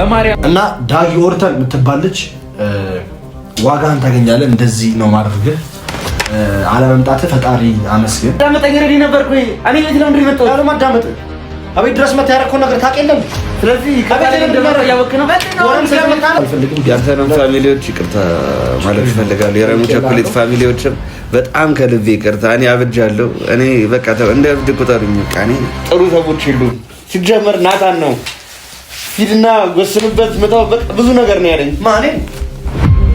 በማርያም እና ዳጊ ኦርተን የምትባል ዋጋህን ታገኛለህ። እንደዚህ ነው ማድረግህ አለመምጣትህ ፈጣሪ አመስግን። ዳመጠኝ ረዲ ነበር ወይ እኔ ቤት ለምድር ነው የመጣሁት? አለማዳመጥ አቤት ድረስ መታ ያደረከውን ነገር ታውቅ የለም። ስለዚህ የአርሰናል ፋሚሊዎች ይቅርታ ማለት ይፈልጋሉ። የረሙ ቸኮሌት ፋሚሊዎችም በጣም ከልቤ ይቅርታ። እኔ አብጃለሁ። እኔ በቃ እንደ እብድ ቁጠሩኝ። ጥሩ ሰዎች የሉም ሲጀመር ናታን ነው ሂድና ወስንበት መጣው በቃ ብዙ ነገር ነው ያለኝ። ማኔ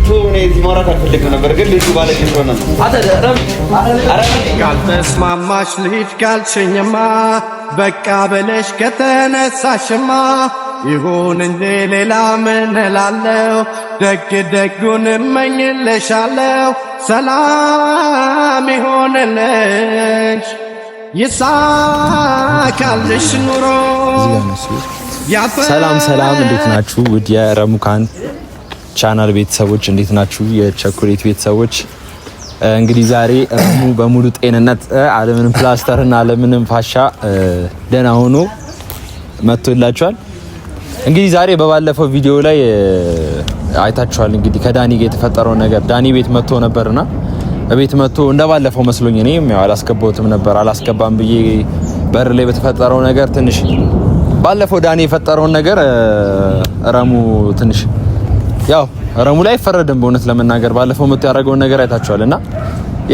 ቶ እኔ እዚህ ማውራት አልፈልግም ነበር፣ ግን ልጁ ባለች ሆነ አልተስማማሽ ልሂድ ካልሽኝማ በቃ በለሽ ከተነሳሽማ ይሁን እንጂ ሌላ ምን እላለሁ? ደግ ደጉን እመኝልሻለሁ። ሰላም ይሆንልሽ። ይሳካልሽ ኑሮ። ሰላም ሰላም፣ እንዴት ናችሁ? ውድ የረሙካን ቻናል ቤተሰቦች እንዴት ናችሁ? የቸኮሌት ቤተሰቦች እንግዲህ ዛሬ ረሙ በሙሉ ጤንነት አለምንም ፕላስተርና አለምንም ፋሻ ደህና ሆኖ መጥቶላችኋል። እንግዲህ ዛሬ በባለፈው ቪዲዮ ላይ አይታችኋል። እንግዲህ ከዳኒ ጋር የተፈጠረውን ነገር ዳኒ ቤት መጥቶ ነበርና እቤት መጥቶ እንደባለፈው መስሎኝ እኔ ያው አላስገባሁትም ነበር። አላስገባም ብዬ በር ላይ በተፈጠረው ነገር ትንሽ ባለፈው ዳኒ የፈጠረውን ነገር ረሙ ትንሽ ያው ረሙ ላይ አይፈረድም በእውነት ለመናገር ባለፈው መጥቶ ያደረገውን ነገር አይታችኋል። እና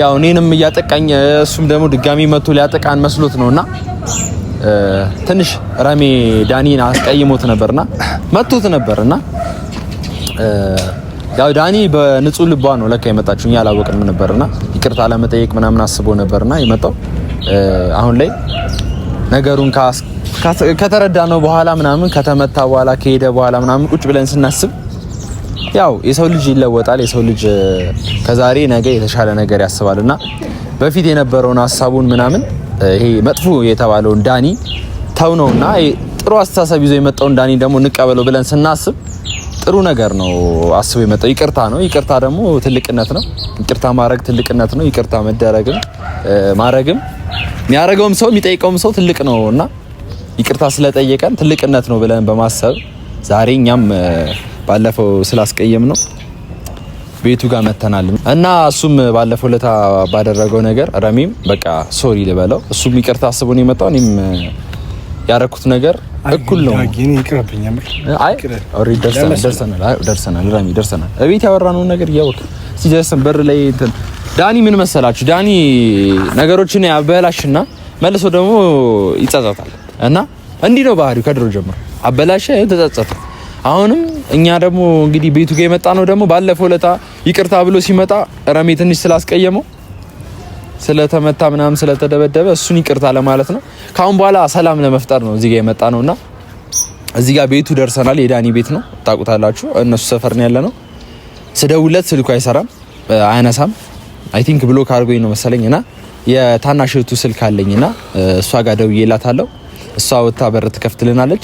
ያው እኔንም እያጠቃኝ እሱም ደግሞ ድጋሚ መጥቶ ሊያጠቃን መስሎት ነውና ትንሽ ረሜ ዳኒን አስቀይሞት ነበርና መቶት ነበርና ዳኒ በንጹህ ልቧ ነው ለካ የመጣችሁ፣ እኛ አላወቅንም ነበርና ይቅርታ ለመጠየቅ ምናምን አስቦ ነበርና የመጣው። አሁን ላይ ነገሩን ከተረዳ ነው በኋላ ምናምን ከተመታ በኋላ ከሄደ በኋላ ምናምን ቁጭ ብለን ስናስብ ያው የሰው ልጅ ይለወጣል። የሰው ልጅ ከዛሬ ነገ የተሻለ ነገር ያስባልና በፊት የነበረውን ሀሳቡን ምናምን ይሄ መጥፎ የተባለውን ዳኒ ተው ነውና ጥሩ አስተሳሰብ ይዞ የመጣውን ዳኒ ደግሞ እንቀበለው ብለን ስናስብ ጥሩ ነገር ነው አስቦ የመጣው ይቅርታ ነው። ይቅርታ ደግሞ ትልቅነት ነው። ይቅርታ ማድረግ ትልቅነት ነው። ይቅርታ መደረግም ማድረግም የሚያደርገውም ሰው የሚጠይቀውም ሰው ትልቅ ነው እና ይቅርታ ስለጠየቀን ትልቅነት ነው ብለን በማሰብ ዛሬ እኛም ባለፈው ስላስቀየም ነው ቤቱ ጋር መተናል እና እሱም ባለፈው ለታ ባደረገው ነገር ረሚም በቃ ሶሪ ልበለው እሱም ይቅርታ አስቦ ነው የመጣው። እኔም ያረኩት ነገር እኩል ነው። አይ ኦልሬዲ ደርሰናል፣ ደርሰናል፣ ራሚ ደርሰናል። እቤት ያወራነውን ነገር እያወቅ ሲደርስን በር ላይ እንትን ዳኒ ምን መሰላችሁ፣ ዳኒ ነገሮችን ያበላሽና መልሶ ደግሞ ይጸጸታል። እና እንዲህ ነው ባህሪው ከድሮ ጀምሮ አበላሸ ተጸጸተ። አሁንም እኛ ደግሞ እንግዲህ ቤቱ ጋር የመጣ ነው ደግሞ ባለፈው ለታ ይቅርታ ብሎ ሲመጣ ረሜ ትንሽ ስላስቀየመው ስለተመታ ምናምን ስለተደበደበ እሱን ይቅርታ ለማለት ነው። ካሁን በኋላ ሰላም ለመፍጠር ነው እዚህ ጋር የመጣ ነውና እዚህ ጋር ቤቱ ደርሰናል። የዳኒ ቤት ነው ታውቁታላችሁ። እነሱ ሰፈር ነው ያለ ነው። ስደውለት ስልኩ አይሰራም፣ አያነሳም። አይ ቲንክ ብሎክ አድርጎኝ ነው መሰለኝና የታናሽ እህቱ ስልክ አለኝና እሷ ጋር ደውዬላታለሁ። እሷ ወታ በር ትከፍትልናለች።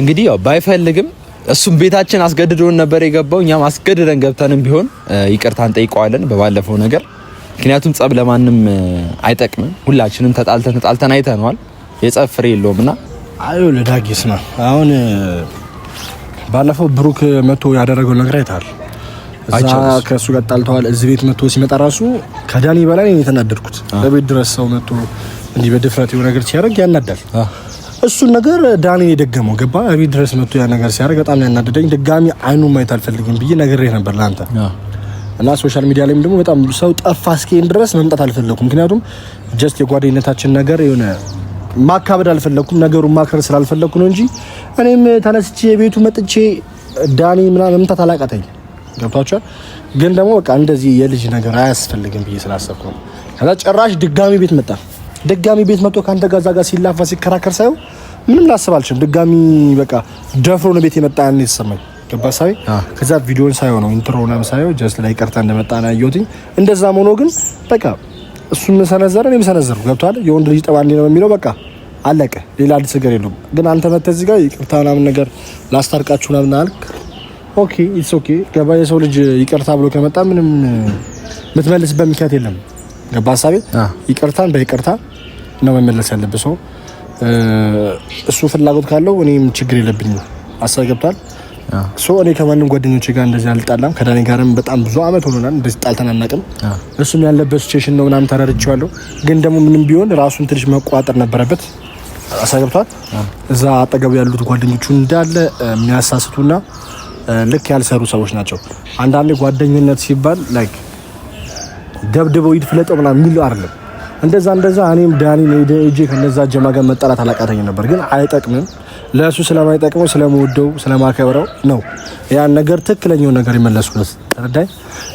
እንግዲህ ያው ባይፈልግም እሱም ቤታችን አስገድዶን ነበር የገባው። እኛም አስገድደን ገብተንም ቢሆን ይቅርታን ጠይቀዋለን በባለፈው ነገር ምክንያቱም ጸብ ለማንም አይጠቅምም። ሁላችንም ተጣልተን ተጣልተን አይተነዋል። የጸብ ፍሬ የለውም እና አዩ ለዳጊስ ነው አሁን ባለፈው ብሩክ መቶ ያደረገው ነገር አይተሃል። እዛ ከእሱ ጋር ጣልተዋል። እዚህ ቤት መቶ ሲመጣ ራሱ ከዳኒ በላይ ነው የተናደድኩት። በቤት ድረስ ሰው መቶ እንዲህ በድፍረት የሆነ ነገር ሲያደርግ ያናዳል። እሱን ነገር ዳኒ የደገመው ገባ። በቤት ድረስ መቶ ያ ነገር ሲያደርግ በጣም ያናደደኝ፣ ድጋሚ አይኑ ማየት አልፈልግም ብዬ ነግሬህ ነበር ለአንተ እና ሶሻል ሚዲያ ላይም ደግሞ በጣም ሰው ጠፋ እስኪን ድረስ መምጣት አልፈለኩም። ምክንያቱም ጀስት የጓደኝነታችን ነገር የሆነ ማካበድ አልፈለኩም፣ ነገሩን ማክረር ስላልፈለኩ ነው እንጂ እኔም ተነስቼ የቤቱ መጥቼ ዳኒ ምናምን መምጣት አላቃተኝ። ገብቷቸዋል። ግን ደግሞ በቃ እንደዚህ የልጅ ነገር አያስፈልግም ብዬ ስላሰብኩ ነው። ከዛ ጭራሽ ድጋሚ ቤት መጣ። ድጋሚ ቤት መጥቶ ከአንተ ጋዛ ጋር ሲላፋ ሲከራከር ሳይሆን ምንም ላስብ አልችልም። ድጋሚ በቃ ደፍሮ ነው ቤት የመጣ ያን የተሰማኝ ሳይ ከዛ ቪዲዮን ሳይሆን ነው ኢንትሮ ነው ሳይሆን ጀስት ላይ ቀርታ እንደመጣ ነው ያየሁት። እንደዛም ሆኖ ግን በቃ እሱም ሰነዘረ እኔም ሰነዘርኩ። ገብቷል። የወንድ ልጅ ጠባ እንዲህ ነው የሚለው በቃ አለቀ። ሌላ አዲስ ነገር የለውም። ግን አንተ መተህ እዚህ ጋር ይቅርታ ምናምን ነገር ላስታርቃችሁ ምናምን አልክ። ኦኬ ኢትስ ኦኬ። ገባ የሰው ልጅ ይቅርታ ብሎ ከመጣ ምንም የምትመልስበት ምክንያት የለም። ገባ ሀሳቤ። ይቅርታን በይቅርታ ነው መመለስ ያለብህ ሰው። እሱ ፍላጎት ካለው እኔም ችግር የለብኝም። አሳ ገብቷል። ሶ እኔ ከማንም ጓደኞቼ ጋር እንደዚህ አልጣላም። ከዳኔ ጋርም በጣም ብዙ አመት ሆኖናል እንደዚህ ጣልተን አናውቅም። እሱም ያለበት ሲቹዌሽን ነው ምናምን ተረድቼዋለሁ። ግን ደግሞ ምንም ቢሆን ራሱን ትንሽ መቋጠር ነበረበት። አሳገብቷል። እዛ አጠገብ ያሉት ጓደኞቹ እንዳለ የሚያሳስቱና ልክ ያልሰሩ ሰዎች ናቸው። አንዳንዴ ጓደኝነት ሲባል ላይክ ደብድበው ይድፍለጠው ምናምን የሚለው አይደለም። እንደዛ እንደዛ እኔም ዳኒ ሄጄ ከነዛ ጀማ ጋር መጣላት አላቃተኝ ነበር፣ ግን አይጠቅምም ለእሱ ስለማይጠቅመው ስለመወደው ስለማከብረው ነው ያን ነገር ትክክለኛውን ነገር የመለሱለት ተረዳኝ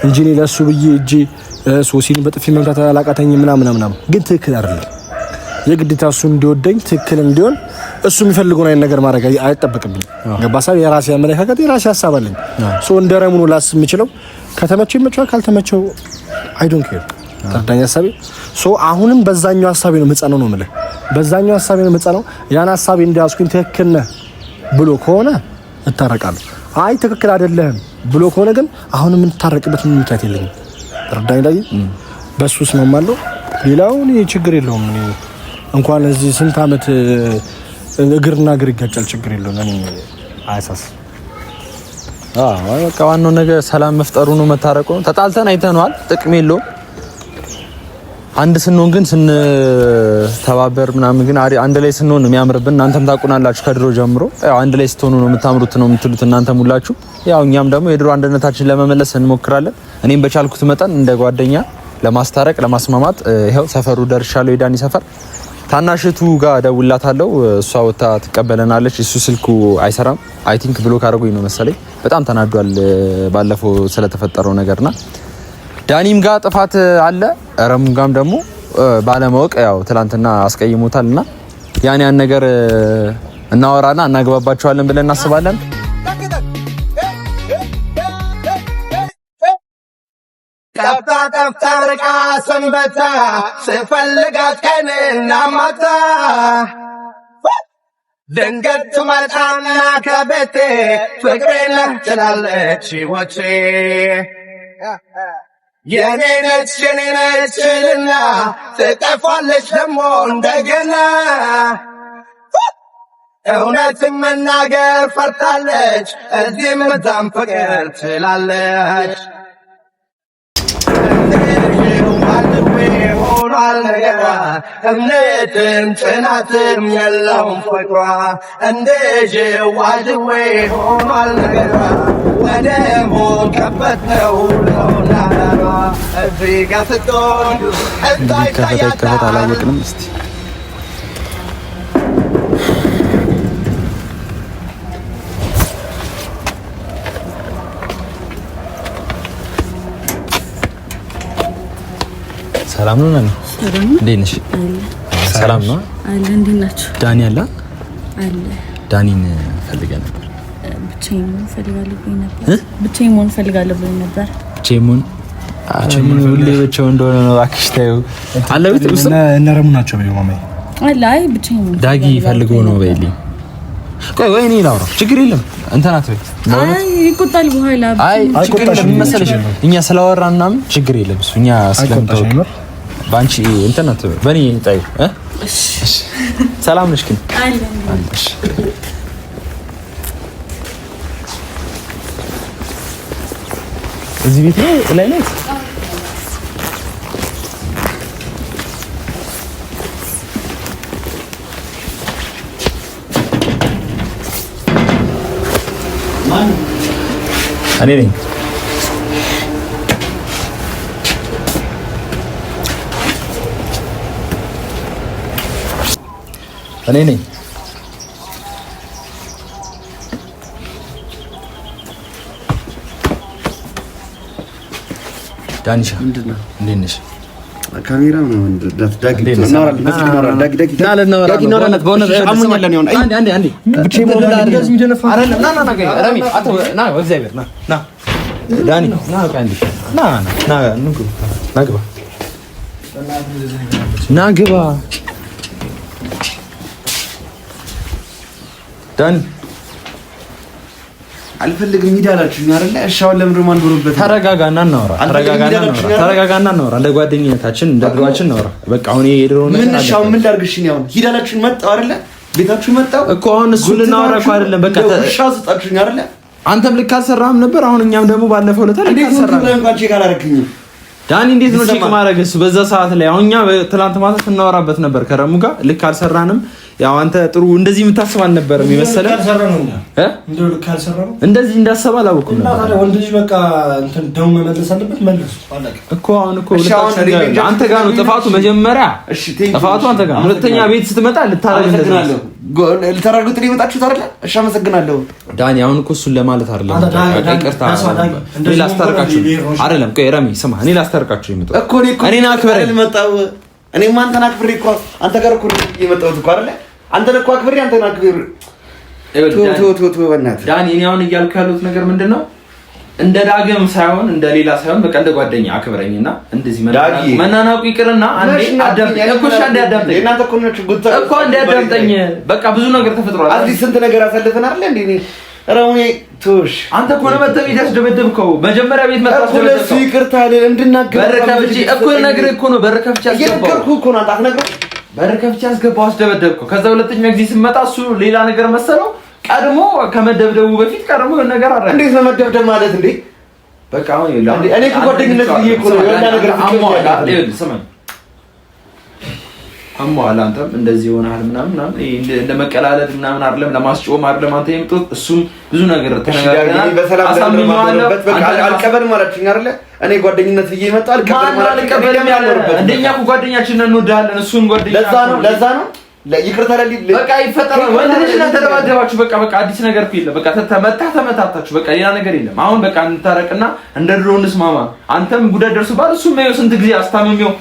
እንጂ እኔ ለእሱ ብዬ እጄ ሶሲን በጥፊ መምታት አላቃተኝ ምናምን ምናምን፣ ግን ትክክል አይደለም። የግዴታ እሱ እንዲወደኝ ትክክል እንዲሆን እሱ የሚፈልገውን አይነት ነገር ማድረግ አይጠበቅብኝ። ገባሳብ የራሴ አመለካከት የራሴ ሀሳብ አለኝ። እንደ ረሙኑ ላስ የምችለው ከተመቸው ይመቸዋል፣ ካልተመቸው አይዶን ኬር። ተረዳኝ ሀሳቤ። አሁንም በዛኛው ሀሳቤ ነው ምጸነው ነው ምልህ በዛኛው ሀሳብ ነው የምጸናው። ያን ሀሳብ እንዲያስኩኝ ትክክል ነህ ብሎ ከሆነ እታረቃለሁ። አይ ትክክል አይደለህም ብሎ ከሆነ ግን አሁንም የምንታረቅበት ምን ምክንያት የለኝም። ረዳኝ ላይ በሱስ ነው ማለው። ሌላውን ችግር የለውም። እንኳን እዚህ ስንት ዓመት እግርና እግር ይጋጫል፣ ችግር የለውም። እኔ አያሳስብም። አዎ በቃ ዋናው ነገር ሰላም መፍጠሩ ነው፣ መታረቁ ነው። ተጣልተን አይተነዋል፣ ጥቅም የለውም። አንድ ስንሆን ግን ስንተባበር ምናምን ግን አንድ ላይ ስንሆን ነው የሚያምርብን። እናንተም ታውቁናላችሁ ከድሮ ጀምሮ አንድ ላይ ስትሆኑ ነው የምታምሩት ነው የምትሉት እናንተም ሁላችሁ። ያው እኛም ደግሞ የድሮ አንድነታችን ለመመለስ እንሞክራለን። እኔም በቻልኩት መጠን እንደ ጓደኛ ለማስታረቅ ለማስማማት ይኸው ሰፈሩ ደርሻለሁ። የዳኒ ሰፈር ታናሽቱ ጋር ደውላታለሁ። እሷ ወታ ትቀበለናለች። እሱ ስልኩ አይሰራም። አይ ቲንክ ብሎክ አድርጎኝ ነው መሰለኝ። በጣም ተናዷል ባለፈው ስለተፈጠረው ነገርና ዳኒም ጋር ጥፋት አለ፣ ረሙም ጋም ደግሞ ባለማወቅ ያው ትላንትና አስቀይሞታል እና ያን ያን ነገር እናወራና እናግባባቸዋለን ብለን እናስባለን። ጠፍታ ጠፍታ ርቃ ሰንበታ ስፈልጋት ቀንና ማታ ድንገት ትመጣና ከቤቴ ፍቅሬ ነህ ትላለች ሕይወቴ የኔነች የኔነችልና ትጠፋለች ደግሞ እንደገና። እውነትም መናገር ፈርታለች፣ እዚህም እዛም ፍቅር ትላለች። ሆኗል ነገሯ፣ እምነትም ጽናትም የለውም ፍቅሯ። እንደዚው ዋድዌ ሆኗል ነገሯ፣ ወደ ሞት ከበት ነው ይከፈት ይከፈት አላወቅንም። እስቲ ሰላም ነው ነን። እንዴት ነሽ? ሰላም ነው አለ። እንዴት ናችሁ? ዳኒ አለ አለ። ዳኒን ፈልገን ነበር። ብቻዬን መሆን ፈልጋለሁ ብሎኝ ነበር። አቼሙን አቼሙን ሁሌ ብቻውን እንደሆነ ነው። እባክሽ ተይው አለበት ውስጥ እነ ረሙ ናቸው ቢሆን ማማዬ አይ ብቻዬን ዳጊ ፈልጎ ነው በይልኝ። ቆይ ወይ እኔ ላውራ ችግር የለም እንትን አትበይ። አይ ይቆጣል በኋላ አይ ችግር የለም መሰለሽ እኛ ስላወራን ምናምን ችግር የለም እሱ እኛ ስለምታውቅ ባንቺ እንትን አትበይ በኔ ጣዩ እ ሰላም ነሽ ግን አለሽ እዚህ ቤት ነው ላይ ነው። እኔ ነኝ። እኔ ነኝ። ዳንሻ እንዴት ነሽ? ካሜራ ምናምን ዳግ አልፈልግም ሂድ አላችሁኝ አይደለ? እሺ አሁን ለምን ደሞ አንዶርበት? እና እናወራ፣ እና እናወራ፣ ተረጋጋና እናወራ። ለጓደኝነታችን እንደ ድሮአችን እናወራ። በቃ አሁን የድሮ ነው። ምን ሻው ምን ላድርግሽ ነው? አሁን ሂድ አላችሁኝ መጣሁ አይደለ? ቤታችሁ መጣሁ እኮ አሁን እሱ ልናወራ እኮ አይደለም። በቃ ሻው ሰጣችሁኝ አይደለ? አንተም ልክ አልሰራህም ነበር። አሁን እኛም ደግሞ ባለፈው ለታ ልክ አልሰራህም እንኳን ቼክ አላደረክኝም። ዳኒ እንዴት ነው ቼክ ማድረግ እሱ በዛ ሰዓት ላይ? አሁን እኛ ትናንት ማታ ስናወራበት ነበር ከረሙ ጋር ልክ አልሰራንም ያው አንተ ጥሩ እንደዚህ የምታስብ አልነበረም የመሰለ እንደዚህ እንዳሰብ አላወኩም እኮ አሁን እኮ አንተ ጋር ነው ጥፋቱ። መጀመሪያ ጥፋቱ አንተ ጋር፣ ሁለተኛ ቤት ስትመጣ ልታረግ እንደዚህ ልታረጉት ነው የመጣችሁት አይደለ? እሺ፣ አመሰግናለሁ ዳኒ። አሁን እኮ እሱን ለማለት አይደለም፣ ይቅርታ እኔ ላስታርቃችሁ አይደለም። ቆይ ረሚ ስማ፣ እኔ ላስታርቃችሁ የመጣሁት እኮ እኔን አክበረኝ እኔማ አንተን አክብሬ እኮ አንተ ጋር እኮ የመጣሁት እኮ አይደለ? አንተን እኮ አክብሬ አንተን አክብሬ ዳኒ፣ እኔ አሁን እያልኩ ያሉት ነገር ምንድን ነው? እንደ ዳግም ሳይሆን እንደ ሌላ ሳይሆን በቃ እንደ ጓደኛ አክብረኝና እንደዚህ መናናቁ ይቅርና አንዴ አዳምጠኝ። በቃ ብዙ ነገር ተፈጥሯል። ስንት ነገር አሳልፈናል። ቶሽ አንተ እኮ ለመተም ያስደበደብከው መጀመሪያ ቤት መጣ ደበደብከው እኮ ይቅርታ አይደል? እንድናገር በረከብጂ እኮ ነግሬህ እኮ ነው። በረከብጂ አስገባው እኮ ነው። አንተ አትነግረው። በረከብጂ አስገባው፣ አስደበደብከው። ከዛ ሁለተኛ ጊዜ ስመጣ እሱ ሌላ ነገር መሰለው። ቀድሞ ከመደብደቡ በፊት ቀድሞ ነገር አረ እንዴት ነው መደብደብ ማለት እንዴ? በቃ አሁን ይላል። እኔ እኮ ጓደኝነት ብዬሽ እኮ ነው። ሌላ ነገር ትከፋለህ። ስማ በኋላ አንተም እንደዚህ ይሆናል ምናምን ምናምን እንደ መቀላለድ ምናምን አይደለም፣ ለማስጮም አይደለም አንተ የምትወት እሱም ብዙ ነገር ተነጋግረናል። በሰላም ለማድረበት በቃ አልቀበልም አላችሁኝ አይደለ? እኔ ጓደኝነት ብዬ መጣ አልቀበልም አልቀበልም ያለርበት እንደኛ እኮ ጓደኛችን ነን እንወዳለን። እሱን ጓደኛ ለዛ ነው ለዛ ነው ይቅርታ ለሊ በቃ ይፈጠራል። ወንድ ልጅ እና ተደባደባችሁ በቃ በቃ አዲስ ነገር እኮ የለም። በቃ ተመታ ተመታታችሁ በቃ ሌላ ነገር የለም። አሁን በቃ እንታረቅና እንደ ድሮ እንስማማ። አንተም ጉዳት ደርሶብሃል፣ እሱም ይኸው ስንት ጊዜ አስታምሜው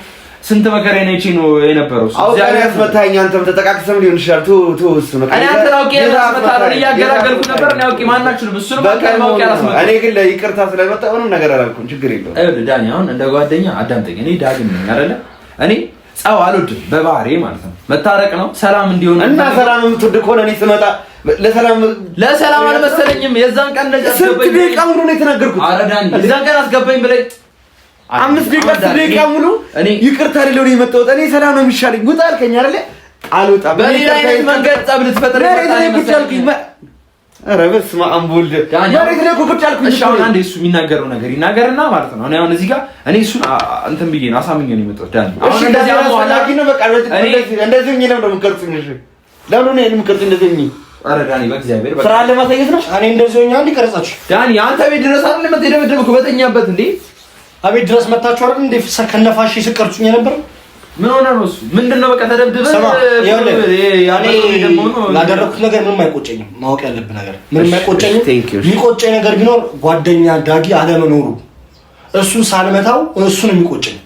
ስንት መከራ ነው እቺ ነው የነበረው። አውቃለሁ ያስመታኝ አንተም ተጠቃቅሰም ሊሆን ይችላል። ቱ ቱ እሱ ነው እኔ አንተ ታውቂ ያስመታኸኝ እያገላገልኩ ነበር ነው ማናችሁ ነው እሱ ነው በቃ ማውቂ ያስመታ። እኔ ግን ለይቅርታ ስለመጣ ምንም ነገር አላልኩም። ችግር የለውም። እህ ዳኒ፣ አሁን እንደ ጓደኛ አዳምጠኝ። እኔ ዳግም ነኝ አይደለ? እኔ ጸብ አልወድም በባህሪ ማለት ነው። መታረቅ ነው ሰላም እንዲሆን እና ሰላም የምትወድ ከሆነ እኔ ስመጣ ለሰላም ለሰላም አልመሰለኝም። የዛን ቀን ነጃ ስንት ደቂቃ ሙሉ ነው የተናገርኩት። አረ ዳኒ የዛን ቀን አስገባኝ ብለኝ አምስት ደቂቃ ደቂቃ ሙሉ ይቅርታ ሌለው የመጣሁት እኔ ሰላም ነው የሚሻለኝ። ውጣ አልከኝ አይደለ? አልወጣም። በሌላ አይነት መንገድ ልትፈጥር የሚናገረው ነገር ይናገርና ማለት ነው። አሁን እዚህ ጋር እኔ እሱን እንትን ብዬ ነው አሳምኜ ነው የመጣሁት። ዳኒ አሁን እንደዚህ አስፈላጊ ነው። በቃ እንደዚህ ነው ለምን ነው ይሄን እንደዚህ ስራ ለማሳየት ነው። እኔ እንደዚህ ሆኜ አንድ ቀረጻችሁ ዳኒ አንተ ቤት ድረስ አይደል የምትደበደብኩ በተኛበት እንዴ አቤት ድረስ መታችሁ አይደል እንዴ? ከነፋሽ ይስቀርጹኝ የነበረ ምን ሆነ ነው እሱ? ምንድነው በቃ ተደብድበህ ላደረኩት ነገር ምንም አይቆጨኝም። ማወቅ ያለብህ ነገር ምንም አይቆጨኝም። የሚቆጨኝ ነገር ቢኖር ጓደኛ ዳጊ አለመኖሩ እሱን ሳልመታው እሱን የሚቆጨኝ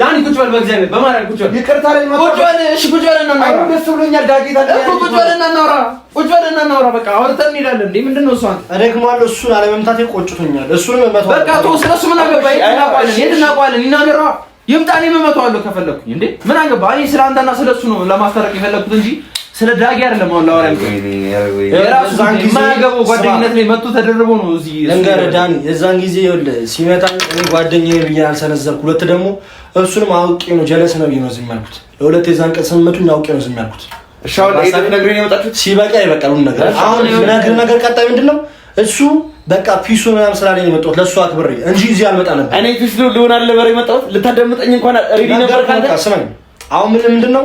ዳኒ ቁጭ በል በእግዚአብሔር በማርያም ቁጭ በል። ይቅርታ ላይ ነው። ቁጭ በል እሺ፣ ቁጭ በል እናውራ። አይ ደስ ብሎኛል። ዳጌታ እኮ ቁጭ በል እናውራ፣ ቁጭ በል እናውራ። በቃ አውርተን እንሄዳለን። እንዴ ምንድን ነው እሱ? አንተ እደግማለሁ። እሱን አለመምታቴ ቆጭቶኛል። እሱን መመታው በቃ ተወው። ስለሱ ምን አገባህ? ይሄን እናውቀዋለን። ይናገራ ይምጣኔ መመታዋለሁ ከፈለኩኝ። እንዴ ምን አገባህ? እኔ ስለ አንተና ስለሱ ነው ለማስታረቅ የፈለኩት እንጂ ስለ ዳጊ አይደለም አሁን ላወራ የራሱ የራሱን የማያገባው ጓደኝነት ላይ መጥቶ ተደርቦ ነው እዚህ ልንገርህ ዳኒ። የዛን ጊዜ ይኸውልህ ሲመጣ እኔ ጓደኛዬ ብዬ አልሰነዘርኩ። ሁለት ደግሞ እሱንም አውቄ ነው ጀለስ ነው ብዬ ነው ዝም ያልኩት። የሁለት የዛን ቀን ስምምቱን አውቄ ነው ዝም ያልኩት። ሲበቃ ይበቃል። ነገር አሁን ነገር ነገር ቀጣይ ምንድን ነው እሱ በቃ ፒሱ ምናምን ስላለኝ ነው የመጣሁት፣ ለእሱ አክብሬ እንጂ እዚህ አልመጣ ነበር። እኔ ፊሱ ልሆን አልነበረ የመጣሁት ልታደምጠኝ እንኳን ሬዲ ነበር። ካንተ ስማኝ አሁን ምን ምንድን ነው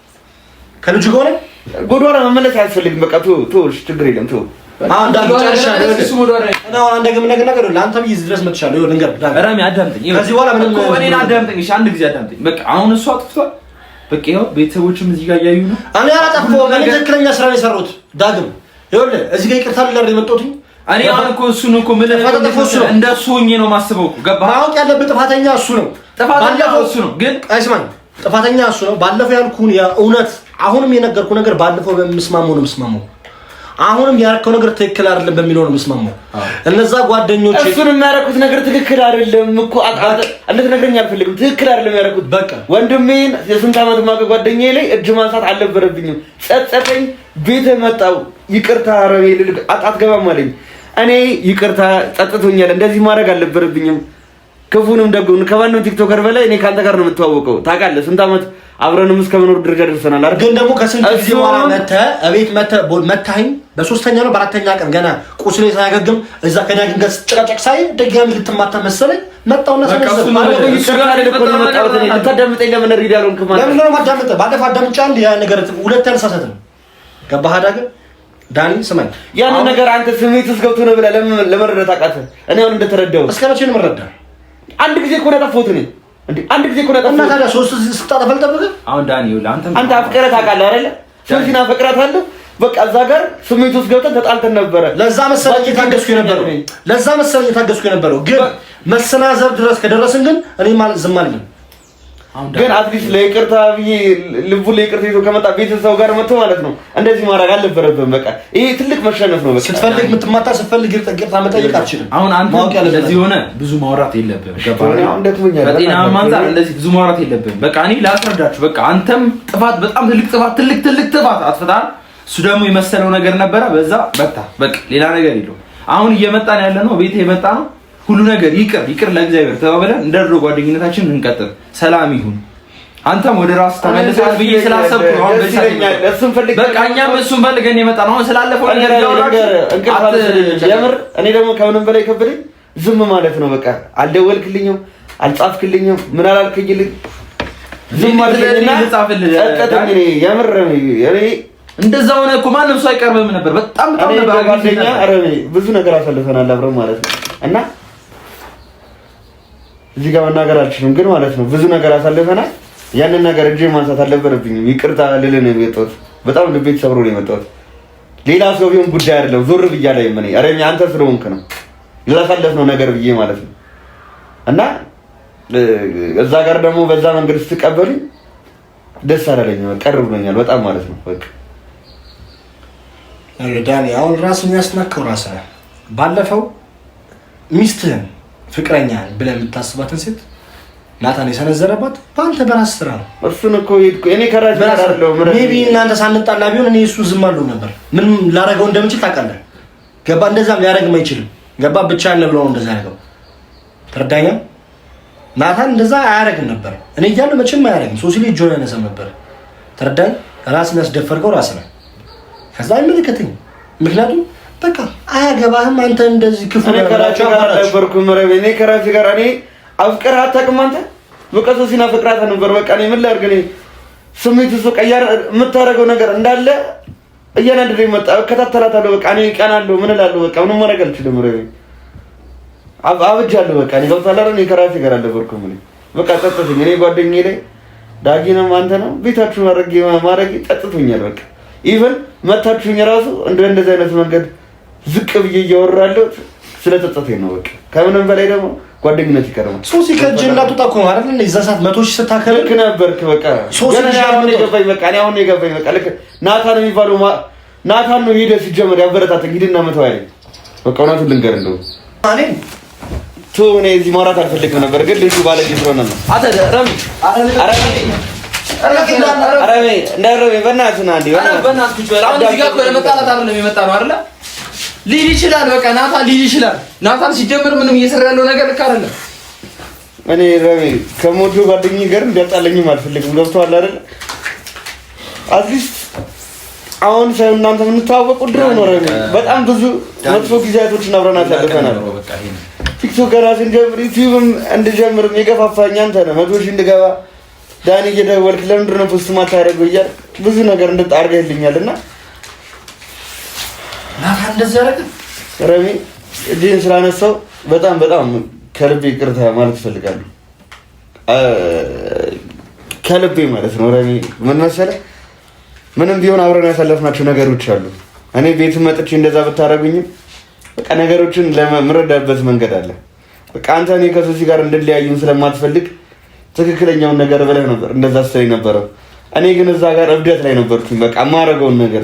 ከልጁ ከሆነ ጎዶራ መመለስ አያስፈልግም። በቃ ቶ ቶ ችግር የለም ቶ አሁን እሱ አጥፍቷል። በቃ ይኸው ቤተሰቦችም እዚህ ጋር እያዩ ነው። እኔ አላጠፋሁም። እኔ ትክክለኛ ስራ ነው የሰራሁት። ዳግም ይኸውልህ እዚህ ጋር ይቅርታ ልላር የመጣሁት እኔ አሁን እኮ እሱን እኮ ምን እንደ እሱ ሆኜ ነው የማስበው እኮ ገባህ? ማወቅ ያለብህ ጥፋተኛ እሱ ነው። ጥፋተኛ እሱ ነው። ግን አይስማን ጥፋተኛ እሱ ነው። ባለፈው ያልኩህን የእውነት አሁንም የነገርኩ ነገር ባለፈው በሚስማሙ ነው የምስማማው። አሁንም ያደረከው ነገር ትክክል አይደለም በሚለው ነው የምስማማው። እነዛ ጓደኞች እሱን የሚያደርጉት ነገር ትክክል አይደለም እኮ አንተ ነገርኝ አልፈልግም። ትክክል አይደለም ያረኩት በቃ ወንድሜን የስንት ዓመት ማቀ ጓደኛዬ ላይ እጅ ማንሳት አልነበረብኝም። ጸጸተኝ። ቤተ መጣው ይቅርታ አረብ ይልል አጣት ገባም አለኝ። እኔ ይቅርታ ጸጥቶኛል፣ እንደዚህ ማድረግ አልነበረብኝም ክፉንም ደጉን ከማንም ቲክቶከር በላይ እኔ ከአንተ ጋር ነው የምትዋወቀው። ታውቃለህ፣ ስንት አመት አብረንም እስከ መኖር ደረጃ ደርሰናል አይደል? ግን ደግሞ ከስንት ጊዜ በኋላ መተህ እቤት መታኝ በሶስተኛ ነው በአራተኛ ቀን ገና ቁስሌ ሳያገግም እዛ ከዳግም ጋር ጭቃጭቅ ሳይ ደጋሚ ልትማታ መሰለኝ መጣውና ልታዳምጠኝ ለምን ሪድ ያልሆንክ ማለት ነገር አንተ ስሜት ውስጥ ገብቶ ነው ብለህ ለመረዳት አቃተህ። እኔ አሁን እንደተረዳሁት እስከ መቼ ነው የምረዳህ? አንድ ጊዜ እኮ ነው ያጠፋሁት እኔ እንዴ! አንድ ጊዜ እኮ ነው ያጠፋሁት። እና ታዲያ ሶስት ስታጠፋ ልጠብቅህ? አሁን ዳኒ ይኸውልህ፣ አንተ አንተ አፍቅረህ ታውቃለህ አይደለ? ሶፊና አፈቅራታለሁ። በቃ እዛ ጋር ስሜት ውስጥ ገብተን ተጣልተን ነበረ። ለዛ መሰለኝ የታገስኩ የነበረው ለዛ መሰለኝ የታገስኩ የነበረው ግን መሰናዘር ድረስ ከደረስን ግን እኔ ማለት ዝም አልልም ግን አትሊስት ለይቅርታ ብዬ ልቡ ለይቅርታ ይዞ ከመጣ ቤተሰቡ ጋር መጥቶ ማለት ነው። እንደዚህ ማድረግ አልነበረብህም። በቃ ይሄ ትልቅ መሸነፍ ነው። በቃ ስትፈልግ የምትማታ ስትፈልግ ይቅርታ መጠየቅ አትችልም። አሁን አንተ እንደዚህ ሆነ ብዙ ማውራት የለብህም። በጤናማ ማንዛር እንደዚህ ብዙ ማውራት የለብህም። በቃ እኔ ላስረዳችሁ። በቃ አንተም ጥፋት በጣም ትልቅ ጥፋት ትልቅ ትልቅ ጥፋት አጥፍታል። እሱ ደግሞ የመሰለው ነገር ነበረ። በዛ በታ በቃ ሌላ ነገር የለውም። አሁን እየመጣን ያለ ነው ቤት የመጣ ነው ሁሉ ነገር ይቅር ይቅር ለእግዚአብሔር ተባብለን እንደ ድሮ ጓደኝነታችን እንቀጥል። ሰላም ይሁን። አንተም ወደ ራስ ተመልሰሃል ብዬ ስላሰብኩ ነው። አሁን በዚህ በቃ እኛም እሱን ፈልገን የመጣ ነው። አሁን ስላለፈው ነገር የምር እኔ ደግሞ ከምንም በላይ ከበደኝ ዝም ማለት ነው። በቃ አልደወልክልኝም፣ አልጻፍክልኝም፣ ምን አላልክልኝ ዝም ማለት እንደዛ ሆነ እኮ ማንም ሰው አይቀርብም ነበር። በጣም በጣም ብዙ ነገር አሳልፈናል አብረን ማለት ነው እና እዚህ ጋር መናገር አልችልም፣ ግን ማለት ነው ብዙ ነገር አሳልፈናል። ያንን ነገር እጅ ማንሳት አልነበረብኝም። ይቅርታ ልልህ ነው የመጣሁት። በጣም ልቤ ተሰብሮ ነው የመጣሁት። ሌላ ሰው ቢሆን ጉዳይ አይደለም። ዞር ብያ ላይ ምን አረኛ አንተ ስለሆንክ ነው ያሳለፍነው ነገር ብዬ ማለት ነው። እና እዛ ጋር ደግሞ በዛ መንገድ ስትቀበሉኝ ደስ አላለኝ፣ ቀር ብሎኛል በጣም ማለት ነው። በቃ ዳኒ አሁን ራስን ያስናከው ራስህ ባለፈው ሚስትህን ፍቅረኛ ብለህ የምታስባትን ሴት ናታን የሰነዘረባት በአንተ በራስ ስራ ነው። እሱን እኮ እኔ ቢ እናንተ ሳንጣላ ቢሆን እኔ እሱ ዝም አሉ ነበር። ምንም ላረገው እንደምችል ታውቃለህ። ገባ እንደዛም ሊያደርግም አይችልም። ገባ ብቻ ያለ ብለው እንደዛ ያደረገው። ተረዳኛ። ናታን እንደዛ አያደርግም ነበር። እኔ እያለሁ መቼም አያደርግም። ሶሲ ልጅ ጆን ያነሰም ነበር። ተረዳኝ። ራስን ያስደፈርከው ራስ ነው። ከዛ አይመለከተኝ ምክንያቱም በቃ አያገባህም። አንተ እንደዚህ ክፉ ነገራቸው እኔ ጋር እኔ አታውቅም አንተ በቃ ሶሲና ፍቅራት ነበር። በቃ እኔ ምን ላድርግ? እኔ ስሜት እሱ ቀያር የምታደርገው ነገር እንዳለ እያናደደኝ መጣ። እከታተላታለሁ። በቃ እኔ እቀናለሁ። ምን እላለሁ? በቃ ምንም ማድረግ አልችልም። ረቤ አብጃለሁ። በቃ እኔ ገብቶሃል። እኔ ጋር አልነበርኩም። እኔ በቃ እኔ ጓደኛዬ ላይ አንተ ነው ቤታችሁ ማድረግ ማድረግ በቃ ኢቨን መታችሁኝ ራሱ እንደዚህ አይነት መንገድ ዝቅ ብዬ እያወራለሁ ስለጸጸተኝ ነው። በቃ ከምንም በላይ ደግሞ ጓደኝነት ይቀርማል። ሱስ ይከጅ እንዳትወጣ እኮ ነው አይደል? እዛ ሰዓት መቶ ሺህ ስታከል ልክ ነበርክ። በቃ የገባኝ በቃ እኔ አሁን የገባኝ በቃ ልክ የሚባለው ነው። ሄደ ሲጀመር ያበረታተኝ ሂድና መተው ያለኝ በቃ እውነቱን ልንገር እንደው ቱ እኔ እዚህ ማውራት አልፈልግም ነበር፣ ግን ልጁ ባለጌ ስለሆነ ነው። አተ ረም አረም አረም እንዳረም በእናትህ ና እንዴ! በእናትህ ብቻ ነው አይደለ ሊል ይችላል። በቃ ናታ ሊል ይችላል። ናታን ሲጀምር ምንም እየሰራ ያለው ነገር ልክ አይደለም። እኔ ረቢ ከሞጆ ጓደኛዬ ጋር እንዲያጣለኝም አልፈልግም። ገብቶሃል አይደል? አትሊስት አሁን ሳይሆን እናንተ የምንተዋወቁ ድሮ ነው። ረቢ በጣም ብዙ መጥፎ ጊዜያቶችን አብረናት ያለፈናል። ቲክቶክ ገና ስንጀምር ዩቲዩብም እንድጀምርም የገፋፋኝ አንተ ነህ። መቶ ሺህ እንድገባ ዳኒ እየደወልክ ለምንድን ነው ፖስት ማታደርገው እያልክ ብዙ ነገር እንድታርገህልኛል እና ናታ እንደዚህ ረቢ ስላነሳው በጣም በጣም ከልቤ ይቅርታ ማለት እፈልጋለሁ። ከልቤ ማለት ነው። ረቢ ምን መሰለ፣ ምንም ቢሆን አብረን ያሳለፍናቸው ነገሮች አሉ። እኔ ቤት መጥቼ እንደዛ ብታረጉኝም በቃ ነገሮችን ለምረዳበት መንገድ አለ። በቃ አንተ እኔ ከሱሲ ጋር እንድለያዩም ስለማትፈልግ ትክክለኛውን ነገር ብለህ ነበር እንደዛ ስትለኝ ነበረው። እኔ ግን እዛ ጋር እብደት ላይ ነበርኩኝ። በቃ የማደርገውን ነገር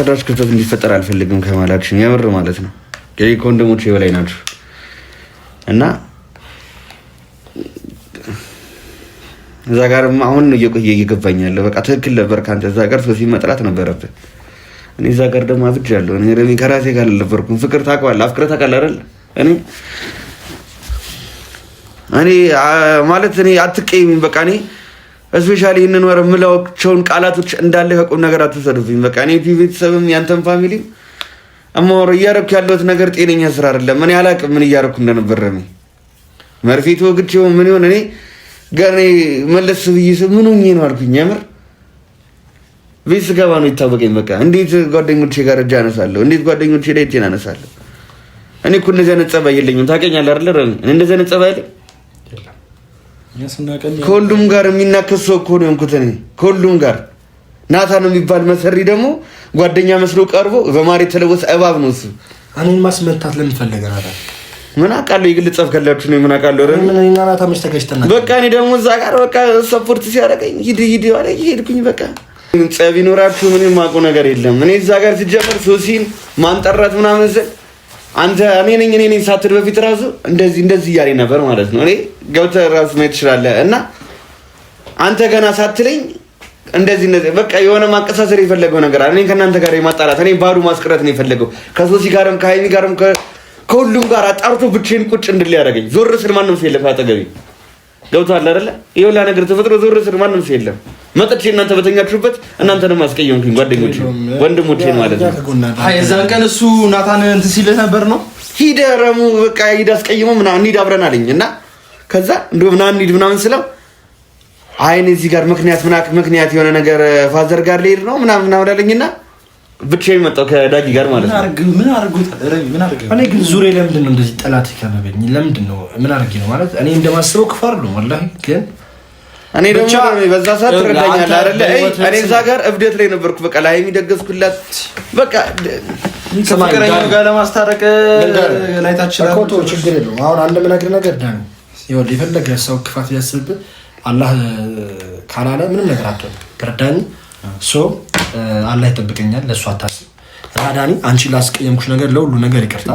ጭራሽ ክፍተት እንዲፈጠር አልፈልግም ከማላክሽን የምር ማለት ነው። ከወንድሞች የበላይ ናቸው እና እዛ ጋር አሁን እየቆየ እየገባኝ ያለ በቃ ትክክል ነበር። ከአንተ እዛ ጋር ሶሲ መጥላት ነበረብህ። እኔ እዛ ጋር ደግሞ አብጃለሁ። እኔ ረሚ ከራሴ ጋር አልነበርኩም። ፍቅር ታውቀዋለህ፣ አፍቅረህ ታውቃለህ አይደል? እኔ እኔ ማለት እኔ አትቀይም በቃ እኔ እስፔሻሊ ይህንን ወር የምላቸውን ቃላቶች እንዳለ ከቁም ነገር አትውሰዱብኝ። በቃ እኔ ፒ ቤተሰብም ያንተን ፋሚሊም እማወራው እያረኩ ያለሁት ነገር ጤነኛ ስራ አይደለም። እኔ አላቅም ምን እያረኩ እንደነበረ ነው። መርፌቱ ግድ ይሆን ምን ይሆን? እኔ ገና መለስ ብዬ ምን ሆኜ ነው አልኩኝ። የምር ቤት ስገባ ነው ይታወቀኝ። በቃ እንዴት ጓደኞቼ ጋር እጅ አነሳለሁ? እንዴት ጓደኞቼ ላይ እጄን አነሳለሁ? እኔ እኮ እንደዚህ አይነት ጸባይ የለኝም። ታውቀኛለህ አይደል? እንደዚህ አይነት ጸባይ የለኝም። ከወንዱም ጋር የሚናከስ ሰው እኮ ነው የሆንኩት እኔ። ከወንዱም ጋር ናታ ነው የሚባል መሰሪ ደግሞ ጓደኛ መስሎ ቀርቦ በማር የተለወሰ እባብ ነው እሱ። እኔን ማስመታት ለምን ፈለገ ምን አውቃለሁ፣ የግል ጸብ ከላችሁ ነው። ምን አውቃለሁ። በቃ እኔ ደግሞ እዛ ጋር በቃ ሰፖርት ሲያደርገኝ ሂድ ሂድ ዋለ ሄድኩኝ። በቃ ጸብ ይኖራችሁ ምንም የማውቀው ነገር የለም እኔ እዛ ጋር ሲጀመር ሶሲን ማንጠራት ምናምን ስል አንተ እኔ ነኝ እኔ ነኝ ሳትል በፊት ራሱ እንደዚህ እንደዚህ እያለኝ ነበር ማለት ነው። እኔ ገብተህ ራሱ ማየት ትችላለህ። እና አንተ ገና ሳትለኝ እንደዚህ እንደዚህ በቃ የሆነ ማቀሳሰር የፈለገው ነገር አለ። እኔ ከእናንተ ጋር የማጣላት እኔ ባዶ ማስቀረት ነው የፈለገው ከሶሲ ጋርም ከሀይሚ ጋርም ከሁሉም ጋር አጣርቶ ብቻዬን ቁጭ እንድል ያደረገኝ። ዞር ስል ማንም ሰው የለም አጠገቤ። ገብቶሃል አይደለ? ይኸውልህ ነገር ተፈጥሮ ዞር ስል ማንም ሰው የለም። መጥቼ እናንተ በተኛችሁበት እናንተንም አስቀየምኩኝ። ጓደኞቼ ወንድሞቼን ማለት ነው። የዛን ቀን እሱ ናታን እንትን ሲል ነበር ነው ሂድ ረሙ በቃ ሂድ አስቀይሞ ምናምን እንሂድ አብረን አለኝ እና ከዛ እንደውም ና እንሂድ ምናምን ስለው አይን እዚህ ጋር ምክንያት ምናምን ምክንያት የሆነ ነገር ፋዘር ጋር ልሄድ ነው ምናምን ምናምን አለኝ እና ብቻዬን መጣሁ ከዳጊ ጋር ማለት ነው። ምን አድርጎታል? እኔ ግን ዙሬ ለምንድን ነው እንደዚህ ጠላት ከመበኝ ለምንድን ነው ምን አድርጌ ነው ማለት እኔ እንደማስበው ክፋር ነው ወላሂ ግን እኔ ደግሞ በዛ ሰዓት ትረዳኛለህ አይደለ? እኔ እዛ ጋር እብደት ላይ ነበርኩ። በቃ ላይ የሚደገስኩላት በቃ ፍቅረኛው ጋር ለማስታረቅ ላይታችን እኮ ተወው፣ ችግር የለውም። አሁን አንድ የምነግርህ ነገር ዳን ይኸውልህ፣ የፈለገ ሰው ክፋት ቢያስብብህ አላህ ካላለ ምንም ነገር አትሆን። ትረዳኝ። ሶ አላህ ይጠብቀኛል። ለእሱ አታስብ። ራዳኒ አንቺ ላስቀየምኩሽ ነገር ለሁሉ ነገር ይቅርታ።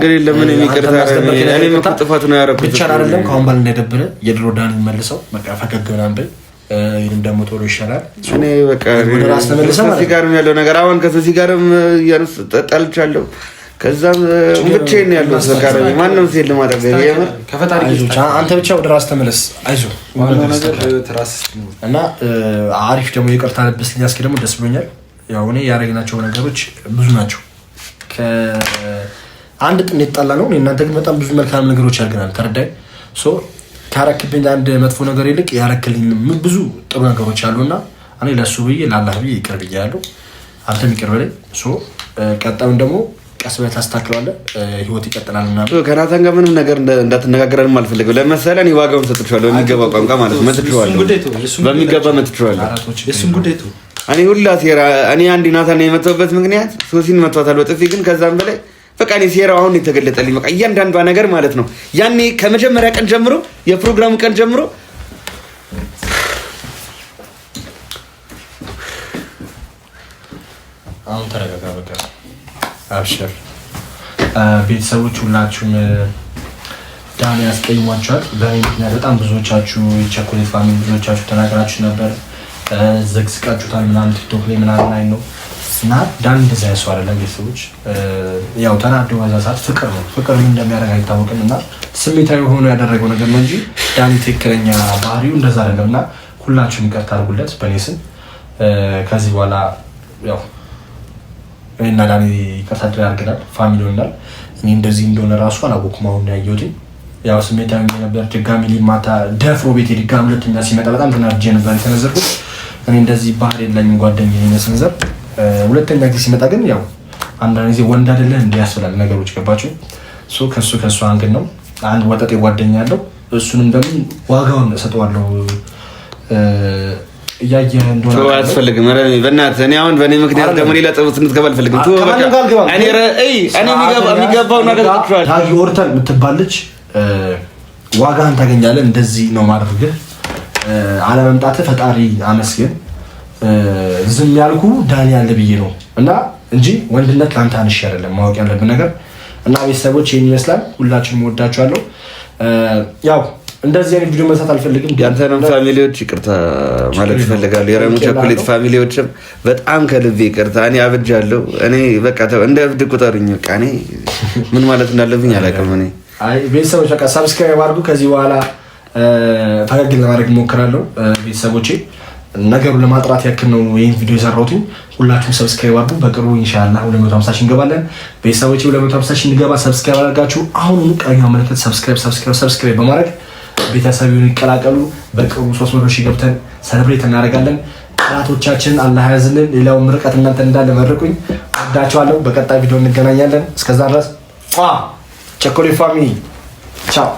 ጥፋት ነው ያደረኩት ብቻ አይደለም። ከአሁን ባል እንዳይደብርህ የድሮ ዳኒ መልሰው በቃ ፈገግ ብላ በይ ይህም ደግሞ ቶሎ ይሻላል። እኔ በቃ ከዚህ ያለው ነገር አሁን ከሰሲ ጋርም ጠልቻለሁ። ከዛም ብቻዬን ነው ያለው ጋር ማንም ሴል ማድረግ አንተ ብቻ ወደ ራስ ተመለስ። አይዞ እና አሪፍ ደግሞ ይቅርታ ልብስ ሊያስኪ ደግሞ ደስ ብሎኛል። ያው እኔ ያደረግናቸው ነገሮች ብዙ ናቸው። አንድ ጥን የተጣላ ነው። እናንተ ግን በጣም ብዙ መልካም ነገሮች ያደርገናል። ተረዳይ ካረክብኝ አንድ መጥፎ ነገር ይልቅ ያረክልኝ ብዙ ጥሩ ነገሮች አሉና እኔ ለእሱ ብዬ ላላህ ብዬ ይቅር ብዬ ያለው አንተም ይቅር በለኝ። ቀጣዩን ደግሞ ቀስ በላይ ታስታክለዋለህ። ህይወት ይቀጥላል። ና ከናታን ጋር ምንም ነገር እንዳትነጋገረን አልፈልግም። ለምሳሌ እኔ ዋጋውን ሰጥቼዋለሁ። በሚገባ ቋንቋ ማለት መጥቼዋለሁ። በሚገባ መጥቼዋለሁ። እሱም ጉዳይ እኔ ሁላ ሴራ እኔ አንድ ናታን የመጣሁበት ምክንያት ሶሲን መቷታል በጥፊ ግን ከዛም በላይ በቃ እኔ ሴራው አሁን የተገለጠልኝ በቃ እያንዳንዷ ነገር ማለት ነው። ያኔ ከመጀመሪያ ቀን ጀምሮ የፕሮግራሙ ቀን ጀምሮ አሁን ተረጋጋ። በቃ አብሽር። ቤተሰቦች ሁላችሁም ዳን ያስቀይሟቸዋል። በእኔ ምክንያት በጣም ብዙዎቻችሁ የቸኮሌት ፋሚሊ ብዙዎቻችሁ ተናግራችሁ ነበር፣ ዘግዝቃችሁታል ምናምን ቲክቶክ ላይ ምናምን አይ ነው ናት ዳንድ እንደዚያ ያሱ አይደለም። ቤተሰቦች ያው ተናዶ በዛ ሰዓት ፍቅር ነው ፍቅር እንደሚያደርግ አይታወቅም እና ስሜታዊ ሆኖ ያደረገው ነገር ነው እንጂ ዳንድ ትክክለኛ ባህሪው እንደዛ አይደለም እና ሁላችሁም ይቅርታ አድርጉለት በእኔ ስም። ከዚህ በኋላ ያው እና ዳን ይቅርታ አድርገናል ፋሚሊ ሆናል። እኔ እንደዚህ እንደሆነ ራሱ አላወኩም። አሁን ያየሁት ያው ስሜታዊ የነበር ድጋሚ ሊማታ ደፍሮ ቤት ድጋሚ ሁለተኛ ሲመጣ በጣም ተናድጄ ነበር የተነዘርኩት። እኔ እንደዚህ ባህር የለኝም ጓደኛ የመስንዘር ሁለተኛ ጊዜ ሲመጣ ግን ያው አንዳንድ ጊዜ ወንድ አይደለ እንዲ ያስብላል ነገሮች ገባችሁ። ከሱ ከሱ አንግን ነው አንድ ወጠጤ ጓደኛ ያለው እሱንም ደግሞ ዋጋውን እሰጠዋለሁ እያየ እንደሆነ አያስፈልግም። በእናትህ እኔ አሁን በእኔ ምክንያት ደግሞ ሌላ ነገር ዋጋህን ታገኛለህ። እንደዚህ ነው ማድረግህ አለመምጣትህ ፈጣሪ አመስግን። ዝም ያልኩ ዳኒ ያለ ብዬ ነው እና እንጂ ወንድነት ለአንተ አንሽ አይደለም። ማወቅ ያለብን ነገር እና ቤተሰቦች ይህን ይመስላል። ሁላችሁም ወዳችኋለሁ። ያው እንደዚህ አይነት ቪዲዮ መስራት አልፈልግም። ያንተንም ፋሚሊዎች ይቅርታ ማለት ይፈልጋሉ። የረሙ ቸኮሌት ፋሚሊዎችም በጣም ከልቤ ይቅርታ። እኔ አብጃለሁ። እኔ በቃ እንደ እብድ ቁጠሩኝ። በቃ እኔ ምን ማለት እንዳለብኝ አላውቅም። እኔ ቤተሰቦች በቃ ሰብስክራይብ አድርጉ። ከዚህ በኋላ ፈገግ ለማድረግ እሞክራለሁ ቤተሰቦቼ ነገሩ ለማጥራት ያክል ነው ይህን ቪዲዮ የሰራሁትኝ። ሁላችሁም ሰብስክራይብ አድርጉ። በቅርቡ ኢንሻላህ 250 ሺህ እንገባለን። ቤተሰቦች 250 ሺህ እንገባ ሰብስክራይብ አድርጋችሁ አሁኑኑ ቀኝ መለከት ሰብስክራይብ ሰብስክራይብ ሰብስክራይብ በማድረግ ቤተሰቢውን ይቀላቀሉ። በቅርቡ 300 ሺህ ገብተን ሰለብሬት እናደርጋለን። ጠላቶቻችንን አላህ ያዝልን። ሌላውን ምርቀት እናንተ እንዳለ መርቁኝ። ወዳችኋለሁ። በቀጣይ ቪዲዮ እንገናኛለን። እስከዛ ድረስ ቸኮሌ ፋሚሊ ቻው።